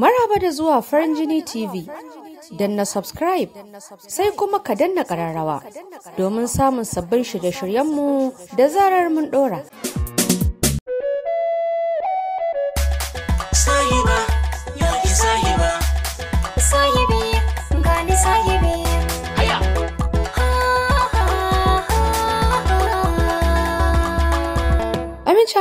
Maraba da zuwa farin jini TV. na subscribe sai kuma ka danna ƙararrawa domin samun sabbin shirye-shiryenmu da zarar mun ɗora.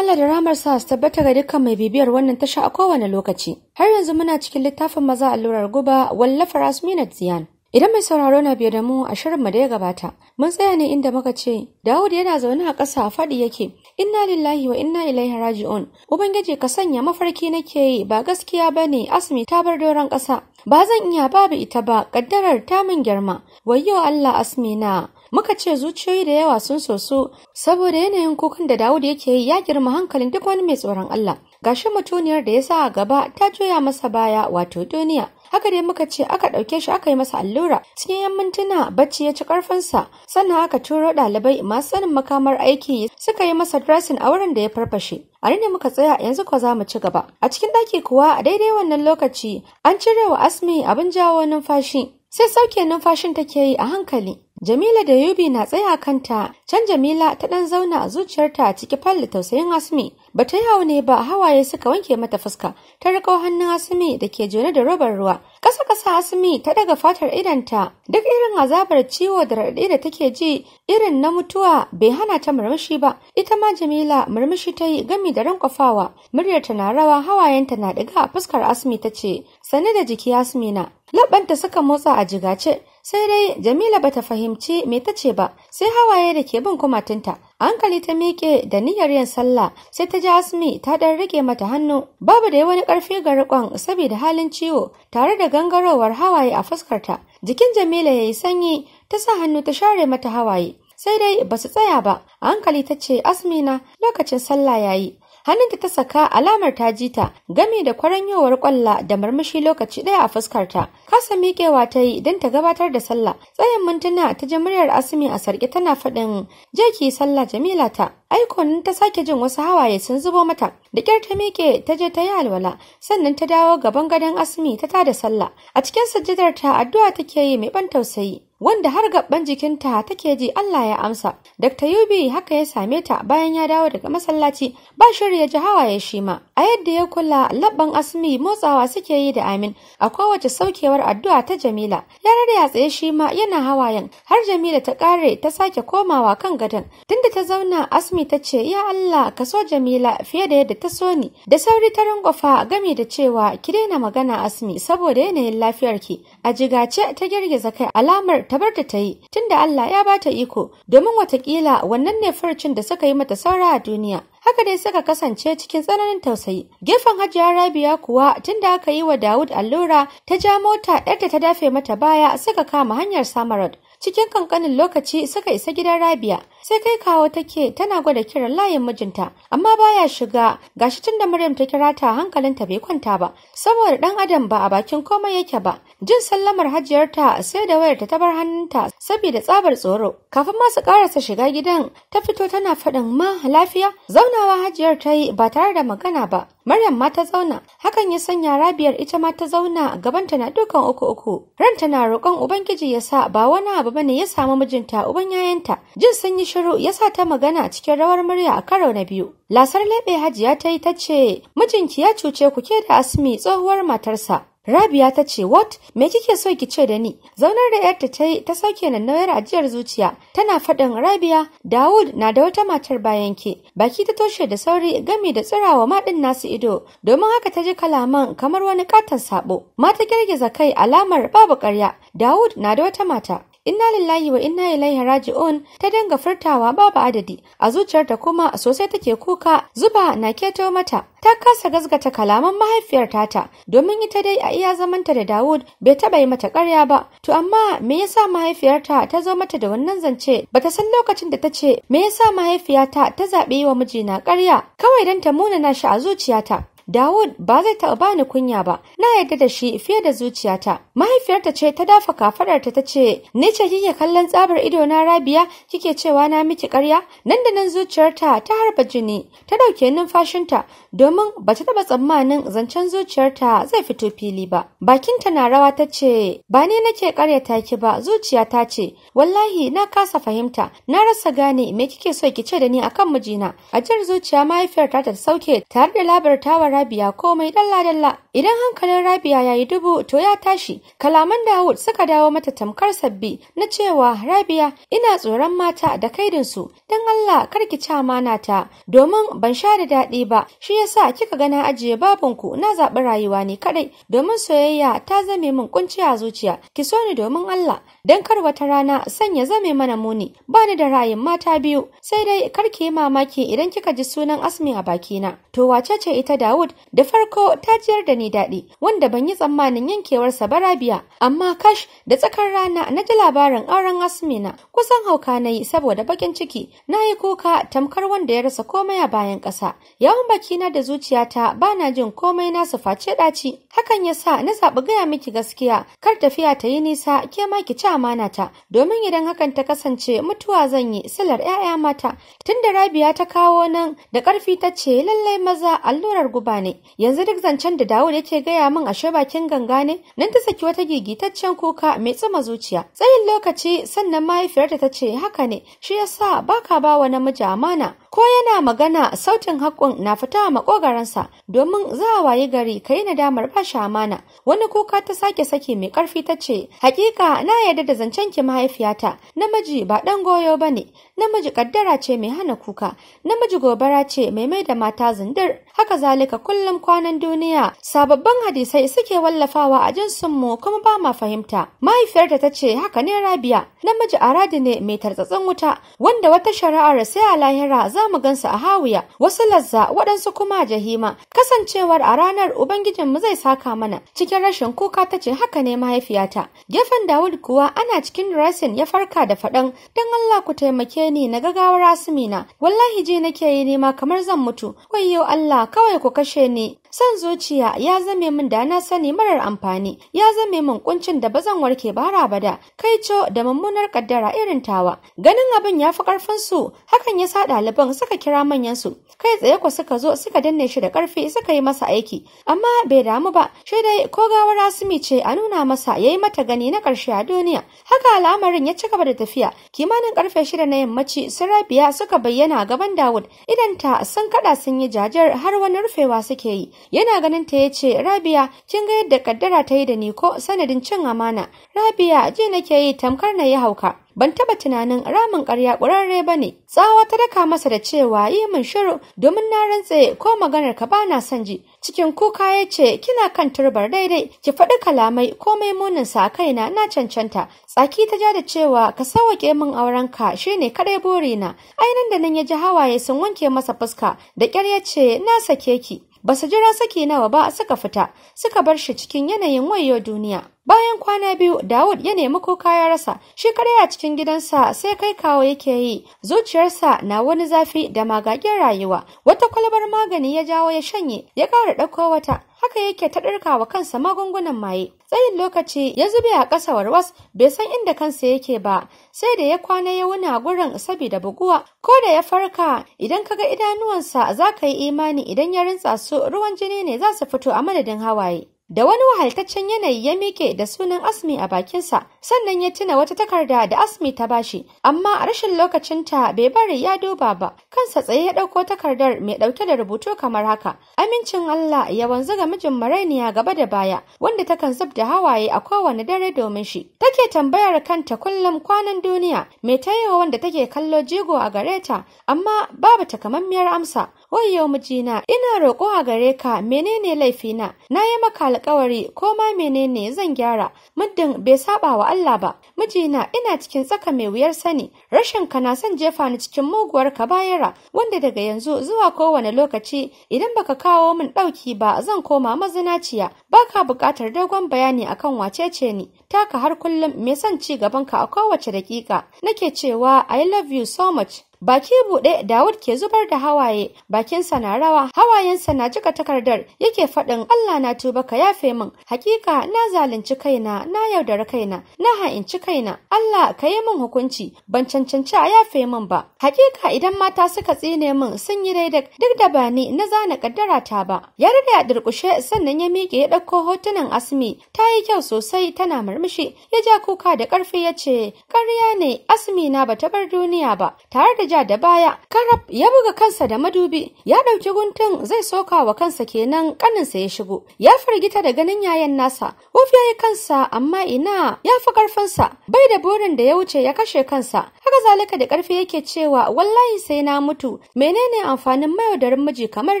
Allah da ramar sa su tabbata ga dukkan mai bibiyar wannan tasha a kowane lokaci. Har yanzu muna cikin littafin maza allurar guba wallafar Asminat Ziyan. Idan mai sauraro na biye da mu a shirinmu da ya gabata, mun tsaya ne inda muka ce, Dawud yana zaune a ƙasa a faɗi yake, Inna lillahi wa inna ilaihi raji'un. Ubangiji ka sanya mafarki nake yi ba gaskiya ba Asmi ta bar doron ƙasa. Ba zan iya babu ita ba, ƙaddarar ta min girma. Wayyo Allah asmina. muka ce zuciyoyi da yawa sun soso saboda yanayin kukan da Dawud yake yi ya girma hankalin duk wani mai tsoron Allah gashi mutuniyar da ya sa a gaba ta juya masa baya wato duniya haka dai muka ce aka ɗauke shi aka yi masa allura cikin yan mintuna bacci ya ci sa sannan aka turo ɗalibai masu sanin makamar aiki suka yi masa dressing a wurin da ya farfashe a ne muka tsaya yanzu ko za mu ci gaba a cikin ɗaki kuwa a daidai wannan lokaci an cire wa asmi abin jawo numfashi sai sauke numfashin take yi a hankali Jamila da Yubi na tsaya kanta, can Jamila ta ɗan zauna a zuciyarta ciki da tausayin Asmi. Ba ta yawo ne ba hawaye suka wanke mata fuska, ta riƙo hannun Asmi da ke jone da robar ruwa. Ƙasa-ƙasa Asmi ta daga fatar idanta, duk irin azabar ciwo da raɗaɗi da take ji irin na mutuwa bai hana ta murmushi ba. Ita ma Jamila murmushi ta yi gami da rankwafawa, muryarta na rawa hawayenta na ɗiga a fuskar Asmi ta ce, Sani da jiki Asmi na. Labbanta suka motsa a jigace, sai dai Jamila bata fahimci me ta ce ba sai hawaye da ke bin kumatinta hankali ta miƙe da niyyar yin sallah sai ta ji Asmi ta ɗan rike mata hannu babu da wani ƙarfi ga riƙon saboda halin ciwo tare da gangarowar hawaye a fuskarta jikin Jamila ya yi sanyi ta sa hannu ta share mata hawaye sai dai ba su tsaya ba hankali ta ce asmina lokacin sallah ya yi. hannunta ta saka alamar ta ji ta game da kwaranyowar kwalla da marmashi lokaci ɗaya a fuskar ta kasa miƙewa ta yi don ta gabatar da sallah tsayin mintuna ta ji muryar asimi a sarki tana faɗin je ki sallah jamila ta aikonin ta sake jin wasu hawaye sun zubo mata da kyar ta miƙe ta je ta yi alwala sannan ta dawo gaban gadon asimi ta tada sallah a cikin sujjadar ta addu'a take yi mai ban tausayi wanda har gaban jikinta take ji Allah ya amsa. Dr. Yubi haka ya same ta bayan ya dawo daga masallaci ba shirya ya ji hawaye shi ma. A yadda ya kula labban asmi motsawa suke yi da amin a kowace saukewar addu'a ta Jamila. Yarar ya tsaye shi ma yana hawayen har Jamila ta kare ta sake komawa kan gadon. Tunda ta zauna asmi ta ce ya Allah ka so Jamila fiye da yadda ta so ni. Da sauri ta rungufa gami da cewa ki daina magana asmi saboda yanayin lafiyar ki. A jigace ta girgiza kai alamar ta da ta yi tunda Allah ya bata iko domin watakila wannan ne farcin da suka yi mata saura a duniya haka dai suka kasance cikin tsananin tausayi gefen hajiya rabiya kuwa tunda aka yi wa dawud allura ta ja mota da ta dafe mata baya suka kama hanyar samarad cikin kankanin lokaci suka isa gidan Rabia sai kai kawo take tana gwada kiran layin mijinta amma baya shiga gashi tun da Maryam ta kira ta hankalinta bai kwanta ba saboda ɗan adam ba a bakin komai yake ba jin sallamar hajiyarta sai da wayar ta bar hannunta saboda tsabar tsoro kafin ma su karasa shiga gidan ta fito tana faɗin ma lafiya zaunawa hajiyar ta yi ba tare da magana ba Maryam ma ta zauna, hakan ya sanya Rabiyar ita ma ta zauna gabanta na dukan uku uku. Ran tana roƙon Ubangiji ya sa ba wani abu bane ya samu mijinta uban yayanta. Jin sanyi shiru ya sa ta magana cikin rawar murya a karo na biyu. Lasar lebe Hajiya ta yi ta ce, mijinki ya cuce ku ke da Asmi tsohuwar matarsa. Rabiya ta ce, "What? Me kike so ki ce da ni?" Zaunar da ‘yarta ta yi ta sauke nauyar ajiyar zuciya, tana faɗin "Rabiya", Dawud na da wata matar bayan ke. Baki ta toshe da sauri gami da tsirawa maɗin nasu ido, domin haka ta ji kalaman kamar wani katon sabo. Mata girgiza kai alamar babu ƙarya. Dawud na da wata mata. inna lillahi wa inna ilaihi raji'un ta dinga furtawa babu adadi a zuciyarta kuma sosai take kuka zuba na keto mata ta kasa gazgata kalaman mahaifiyar tata domin ita dai a iya zamanta da Dawud bai taba yi mata ƙarya ba to amma me yasa mahaifiyarta ta zo mata da wannan zance bata san lokacin da ta ce me yasa mahaifiyata ta zaɓi yi wa mijina ƙarya kawai dan ta muna na shi a zuciyata Dawud ba zai taɓa bani kunya ba, na yarda da shi fiye da zuciyata. Mahaifiyarta ce ta dafa kafaɗarta ta ce, "Ni ce kike kallon tsabar ido na Rabiya, kike cewa na miki ƙarya?" Nan da nan zuciyarta ta harba jini, ta dauke numfashinta domin ba ta taɓa tsammanin zancen zuciyarta zai fito fili ba. Bakinta na rawa ta ce, "Ba ni nake ƙaryata ki ba, zuciyata ce. Wallahi na kasa fahimta, na rasa gane me kike so ki ce da ni akan mijina." Ajiyar zuciya mahaifiyarta ta sauke tare da tawar Rabia komai dalla-dalla. Idan hankalin Rabia ya yi dubu to ya tashi, kalaman Dawud suka dawo mata tamkar sabbi na cewa Rabia ina tsoron mata da kaidinsu don Allah karki ci amana ta domin ban sha da daɗi ba shi yasa kika gana ajiye babanku na zaɓi rayuwa ne kaɗai domin soyayya ta zame min kunci a zuciya ki so ni domin Allah don kar wata rana sanya zame mana muni ba ni da ra'ayin mata biyu sai dai karki yi mamaki idan kika ji sunan Asmi a bakina to wace ce ita Dawud Wood da farko ta jiyar da ni daɗi wanda ban yi tsammanin yankewarsa ba rabiya amma kash da tsakar rana na ji labarin auren Asmina kusan hauka na saboda bakin ciki na yi kuka tamkar wanda ya rasa komai a bayan ƙasa yawan bakina da zuciyata ba na jin komai na su face ɗaci hakan ya sa na zaɓi gaya miki gaskiya kar tafiya ta yi nisa ke ma ki ci amana ta domin idan hakan ta kasance mutuwa zan yi silar 'ya'ya mata tunda Rabia ta kawo nan da ƙarfi ta ce lallai maza allurar guba ne yanzu duk zancen da Dawud yake gaya min ashe bakin ganga ne nan ta saki wata gigitaccen kuka mai tsuma zuciya tsayin lokaci sannan mahaifiyarta ta ce haka ne shi yasa baka ba wa namiji amana ko yana magana sautin haƙƙun na fita a makogaransa domin za a wayi gari kai nadamar ba shi amana wani kuka ta sake saki mai ƙarfi ta ce hakika na yarda da zancen ki mahaifiyata namiji ba dan goyo bane namiji kaddara ce mai hana kuka namiji gobara ce mai mai da mata zindir haka zalika kullum kwanan duniya sababbin hadisai suke wallafawa a jinsin mu kuma ba ma fahimta mahaifiyarta ta ce haka ne Rabia namiji aradi ne mai tartsatsin wuta wanda wata shari'ar sai a lahira za mu gansu a hawiya wasu lazza waɗansu kuma jahima kasancewar a ranar ubangijin mu zai saka mana cikin rashin kuka ta ce haka ne mahaifiyata gefen Dawud kuwa ana cikin rasin ya farka da faɗan dan Allah ku taimake ni na gagawar Asmina wallahi je nake yi nema kamar zan mutu wayyo Allah kawai ku kashe kashe ni san zuciya ya zame min da na sani marar amfani ya zame min kuncin da bazan warke ba har abada kai co da mummunar kaddara irin tawa ganin abin ya fi karfin su hakan ya sa ɗaliban suka kira manyan su kai tsaye ku suka zo suka danne shi da karfi suka yi masa aiki amma bai damu ba shi dai ko gawar asimi ce a nuna masa yayi mata gani na karshe a duniya haka al'amarin ya ci gaba da tafiya kimanin karfe shida na yammaci su rabiya suka bayyana gaban Dawud idan ta sun kada sun yi jajar har wani rufewa suke yi yana ganin ta yace ce Rabia kin ga yadda kaddara ta yi da ni ko sanadin cin amana Rabia je nake yi tamkar na yi hauka ban taba tunanin ramin ƙarya ƙurarre ba ne tsawa ta daka masa da cewa yi mun shiru domin na rantse ko maganar ka ba na son ji cikin kuka ya ce kina kan turbar daidai ki faɗi kalamai komai munin sa kaina na cancanta tsaki ta ja da cewa ka sawaƙe min auren ka shine kadai burina ainin da nan ya ji hawaye sun wanke masa fuska da ƙyar ya ce na sake ki ba su jira saki nawa ba suka fita suka bar shi cikin yanayin wayo duniya bayan kwana biyu Dawud ya nemi kuka ya rasa shi a cikin gidansa sai kai kawo yake yi zuciyarsa na wani zafi da magagen rayuwa wata kwalbar magani ya jawo ya shanye ya ƙara ɗauko wata haka yake ta wa kansa magungunan maye tsayin lokaci ya zube a ƙasa warwas bai san inda kansa yake ba sai da ya kwana ya wuna gurin saboda buguwa ko da ya farka idan ka ga idanuwansa za ka yi imani idan ya rintsa su ruwan jini ne za su fito a madadin hawaye da wani wahaltaccen yanayi ya mike da sunan Asmi a bakinsa sannan ya tuna wata takarda da Asmi ta bashi amma a rashin lokacinta bai bari ya duba ba kansa tsaye ya ɗauko takardar mai ɗauke da rubutu kamar haka amincin Allah ya wanzu ga mijin marainiya gaba da baya wanda takan zub da hawaye a kowane dare domin shi take tambayar kanta kullum kwanan duniya mai ta wanda take kallo jigo a gare ta amma babu takamammiyar amsa wayyo mijina ina roƙo a gare ka menene laifina na yi maka alƙawari ko ma menene zan gyara muddin bai saba wa Allah ba mijina ina cikin tsaka mai wuyar sani rashin ka na son jefa ni cikin muguwar kabayara. wanda daga yanzu zuwa kowane lokaci idan baka kawo min ɗauki ba zan koma mazinaciya baka buƙatar dogon bayani akan wacece ni taka har kullum me son ci gaban ka a kowace daƙiƙa nake cewa I love you so much baki buɗe Dawud ke zubar da hawaye bakinsa na rawa hawayensa na cika takardar yake faɗin Allah na tuba ka yafe min hakika na zalunci kaina na yaudara kaina na ha'inci kaina Allah ka yi min hukunci ban cancanci a yafe min ba hakika idan mata suka tsine min sun yi daidai duk da ba ni na zana kaddara ta ba ya riga ya durkushe sannan ya miƙe ya ɗauko hotunan Asmi ta yi kyau sosai tana murmushi ya ja kuka da ƙarfi ya ce ƙarya ne Asmi na bata bar duniya ba tare da ja da baya karab ya buga kansa da madubi ya ɗauki guntun zai soka wa kansa kenan ƙaninsa ya shigo ya firgita da ganin yayan nasa wuf ya yi kansa amma ina ya fi ƙarfinsa bai da burin da ya wuce ya kashe kansa haka zalika da karfi yake cewa wallahi sai na mutu menene amfanin mayaudarin miji kamar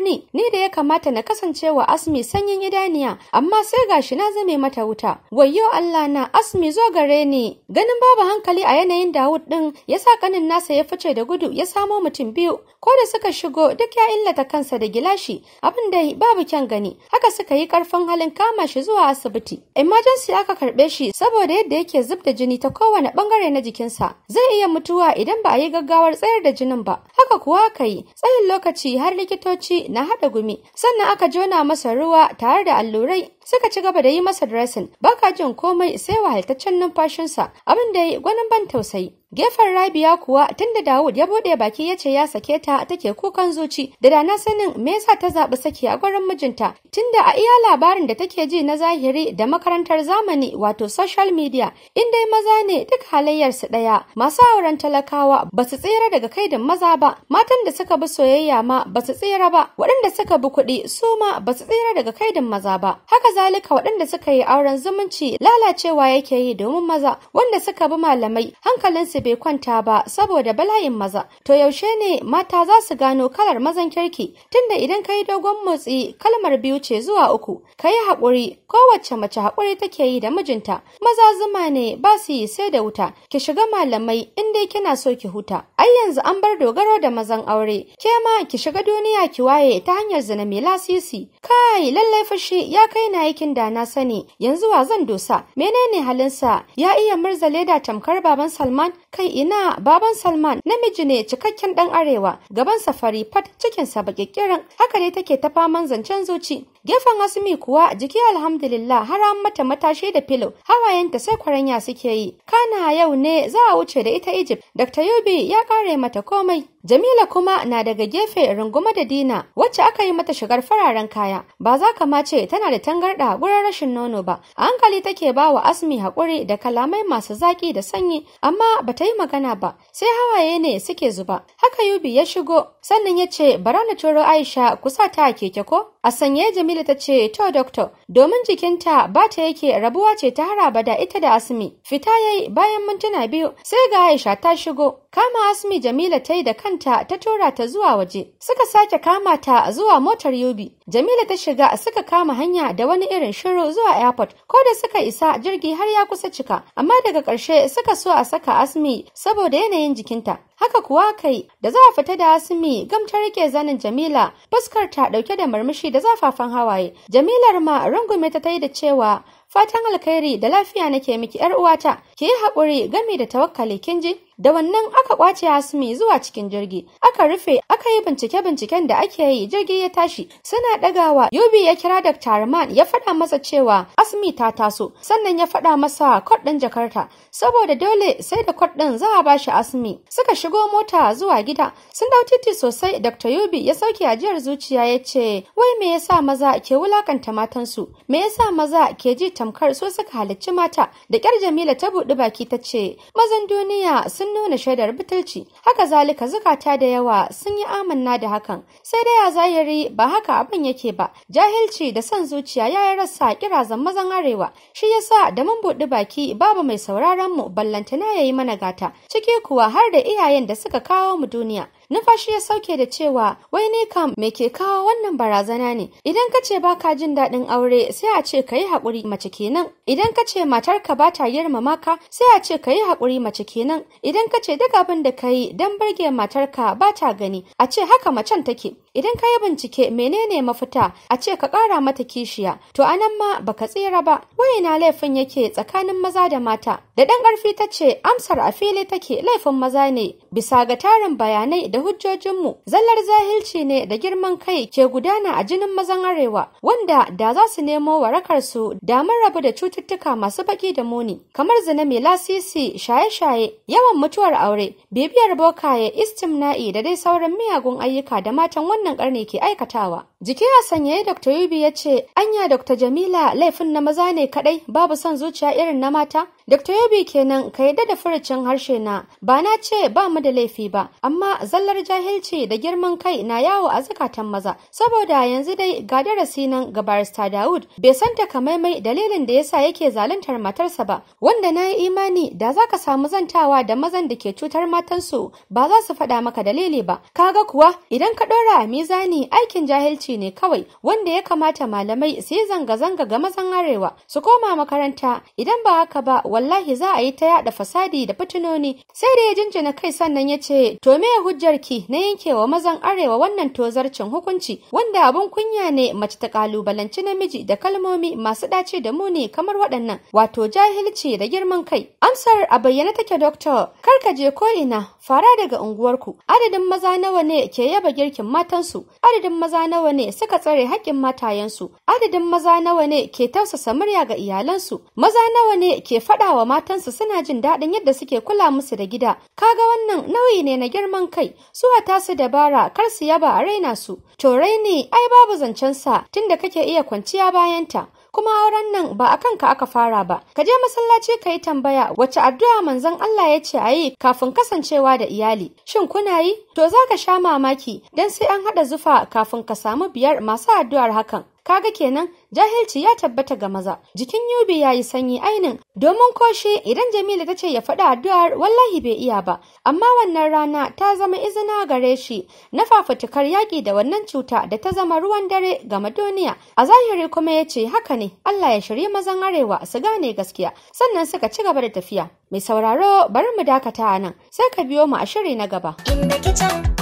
ni ni da ya kamata na kasancewa asmi sanyin idaniya amma sai gashi na zame mata wuta wayyo Allah na asmi zo gare ni ganin babu hankali a yanayin Dawud din yasa kanin nasa ya fice da gudu ya samo mutum biyu ko da suka shigo duk ya illata kansa da gilashi abin da babu kyan gani haka suka yi karfin halin kama shi zuwa asibiti emergency aka karbe shi saboda yadda yake zub da jini ta kowane bangare na jikinsa zai iya mutu mutuwa idan ba a yi gaggawar tsayar da jinin ba haka kuwa ka yi tsayin lokaci har likitoci na haɗa gumi sannan aka jona masa ruwa tare da allurai suka ci gaba da yi masa dressing baka jin komai sai wahaltaccen numfashinsa abin da ya yi gwanin ban tausayi Gefen Rabia kuwa tunda Dawud ya bude baki ya ce ya sake ta take kukan zuci da dana sanin me yasa ta zabi saki a gurin mijinta tunda a iya labarin da take ji na zahiri da makarantar zamani wato social media in dai maza ne duk halayyar su daya masu auren talakawa ba su tsira daga kaidan maza ba matan da suka bi soyayya ma ba su tsira ba waɗanda suka bi kuɗi su ma ba su tsira daga kaidan maza ba haka zalika waɗanda suka yi auren zumunci lalacewa yake yi domin maza wanda suka bi malamai hankalinsu bai kwanta ba saboda bala'in maza to yaushe ne mata za su gano kalar mazan kirki tunda idan ka yi dogon motsi kalmar biyu ce zuwa uku ka yi haƙuri kowace mace haƙuri take yi da mijinta maza zuma ne ba su yi sai da wuta ki shiga malamai in dai kina so ki huta ai yanzu an bar dogaro da mazan aure ke ma ki shiga duniya ki waye ta hanyar zina mai lasisi kai lallai fashi ya kai na yakin da na sani yanzu wa zan dosa menene halinsa ya iya murza leda tamkar baban Salman Kai ina baban Salman namiji ne cikakken dan arewa gaban safari fat cikin sa bakikkirin haka ne take ta faman zancen zuci gefen Asmi kuwa jiki alhamdulillah har an mata matashi da pillow hawayenta sai kwaranya suke yi kana yau ne za a wuce da ita Egypt Dr. Yobi ya kare mata komai Jamila kuma na daga gefe runguma da Dina wacce aka yi mata shigar fararen kaya ba za ka ma ce tana da tangarda gurin rashin nono ba a hankali take bawa Asmi haƙuri da kalamai masu zaƙi da sanyi amma bata ta yi magana ba sai hawaye ne suke zuba haka yubi ya shigo sannan ya ce bara na coro aisha kusa ta keke ko a sanye jamila ta ce to doctor domin jikinta ba ta yake rabuwa ce ta haraba da ita da asmi fita ya yi bayan mintuna biyu sai ga aisha ta shigo kama asmi jamila ta yi da kanta ta tura ta zuwa waje suka sake kama ta zuwa motar yubi Jamila ta shiga suka kama hanya da wani irin shiru zuwa airport ko da suka isa jirgi har ya kusa cika amma daga ƙarshe suka so a saka Asmi saboda yanayin jikinta. Haka kuwa kai da za a fita da Asmi gam ta rike zanin Jamila fuskar ta dauke da murmushi da zafafan hawaye. Jamilar ma rungume ta tayi da cewa fatan alkhairi da lafiya nake miki yar uwata ki yi haƙuri gami da tawakkali kin ji da wannan aka kwace asmi zuwa cikin jirgi aka rufe aka yi bincike binciken da ake yi jirgi ya tashi suna dagawa yobi ya kira dr Rahman ya faɗa masa cewa asmi ta taso sannan ya faɗa masa kod jakarta saboda dole sai da kod ɗin za a bashi asmi suka shigo mota zuwa gida sun dau titi sosai dr yobi ya sauke ajiyar zuciya ya ce wai me yasa maza ke wulakanta matansu me yasa maza ke ji tamkar so suka halicci mata da kyar jamila ta buɗi baki ta ce mazan duniya sun sun nuna shaidar butulci haka zalika zukata da yawa sun yi amanna da hakan sai dai a zahiri ba haka abin yake ba jahilci da son zuciya ya yi rasa kirazan mazan arewa shi yasa da mun buɗi baki babu mai sauraron mu ballantana yayi mana gata ciki kuwa har da iyayen da suka kawo mu duniya numfashi ya sauke da cewa wai ne kam me ke kawo wannan barazana ne idan ka ce baka jin daɗin aure sai a ce ka yi haƙuri mace kenan idan ka ce matar ka ba ta girmama ka sai a ce ka yi haƙuri mace kenan idan ka ce duk abin da ka yi don burge matar ka ba ta gani a ce haka macen take idan ka yi bincike menene mafita a ce ka ƙara mata kishiya to anan ma baka tsira ba wayena laifin yake tsakanin maza da mata da ɗan ƙarfi ta ce amsar a fili take laifin maza ne bisa ga tarin bayanai da hujjojinmu zallar zahilci ne da girman kai ke gudana a jinin mazan arewa wanda da za su nemo warakar su da mun rabu da cututtuka masu baki da muni kamar zina mai lasisi shaye-shaye yawan mutuwar aure bibiyar bokaye istimna'i da dai sauran miyagun ayyuka da matan wannan wannan karni ke aikatawa. Jiki a sanyaye Dr. Yubi ya ce, Anya Dr. Jamila laifin na maza ne kadai babu son zuciya irin na mata? Dr. Yobi kenan ka yadda da furucin harshe na ba na ce ba mu da laifi ba amma zallar jahilci da girman kai na yawo a zakatan maza saboda yanzu dai ga darasi nan ga barista Dawud bai san takamaimai dalilin da yasa yake zaluntar matarsa ba wanda na yi imani da za ka samu zantawa da mazan da ke cutar matansu ba za su faɗa maka dalili ba Ka ga kuwa idan ka ɗora mizani aikin jahilci ne kawai wanda ya kamata malamai su yi zanga-zanga ga mazan arewa su koma makaranta idan ba haka ba wallahi za a yi ta yada fasadi da fitinoni sai da ya jinjina kai sannan ya ce to me hujjar ki na yankewa mazan arewa wannan tozarcin hukunci wanda abun kunya ne mace ta kalubalanci namiji da kalmomi masu dace da muni kamar waɗannan wato jahilci da girman kai amsar a bayyana take doctor kar ka je ko ina fara daga unguwarku adadin maza nawa ne ke yaba girkin matansu adadin maza nawa ne suka tsare haƙƙin matayensu adadin maza nawa ne ke tausasa murya ga iyalansu maza nawa ne ke faɗa wa matansu suna jin daɗin yadda suke kula musu da gida kaga wannan nauyi ne na girman kai su ta su dabara kar su yaba a raina su to raini ai babu zancen sa tunda kake iya kwanciya bayanta kuma auren nan ba a kanka aka fara ba ka je masallaci ka yi tambaya wace addu'a manzon Allah ya ce a yi kafin kasancewa da iyali shin kuna yi to za ka sha mamaki don sai an haɗa zufa kafin ka samu biyar masu addu'ar hakan kaga kenan jahilci ya tabbata ga maza jikin yubi ya yi sanyi ainin domin koshe idan jamila ta ce ya faɗi addu'ar wallahi bai iya ba amma wannan rana ta zama izina gare shi na fafutukar yaƙi da wannan cuta da ta zama ruwan dare ga madoniya a zahiri kuma ya ce haka ne allah ya shirya mazan arewa su gane gaskiya sannan suka ci gaba da tafiya mai sauraro bari mu dakata a nan sai ka biyo mu a shiri na gaba.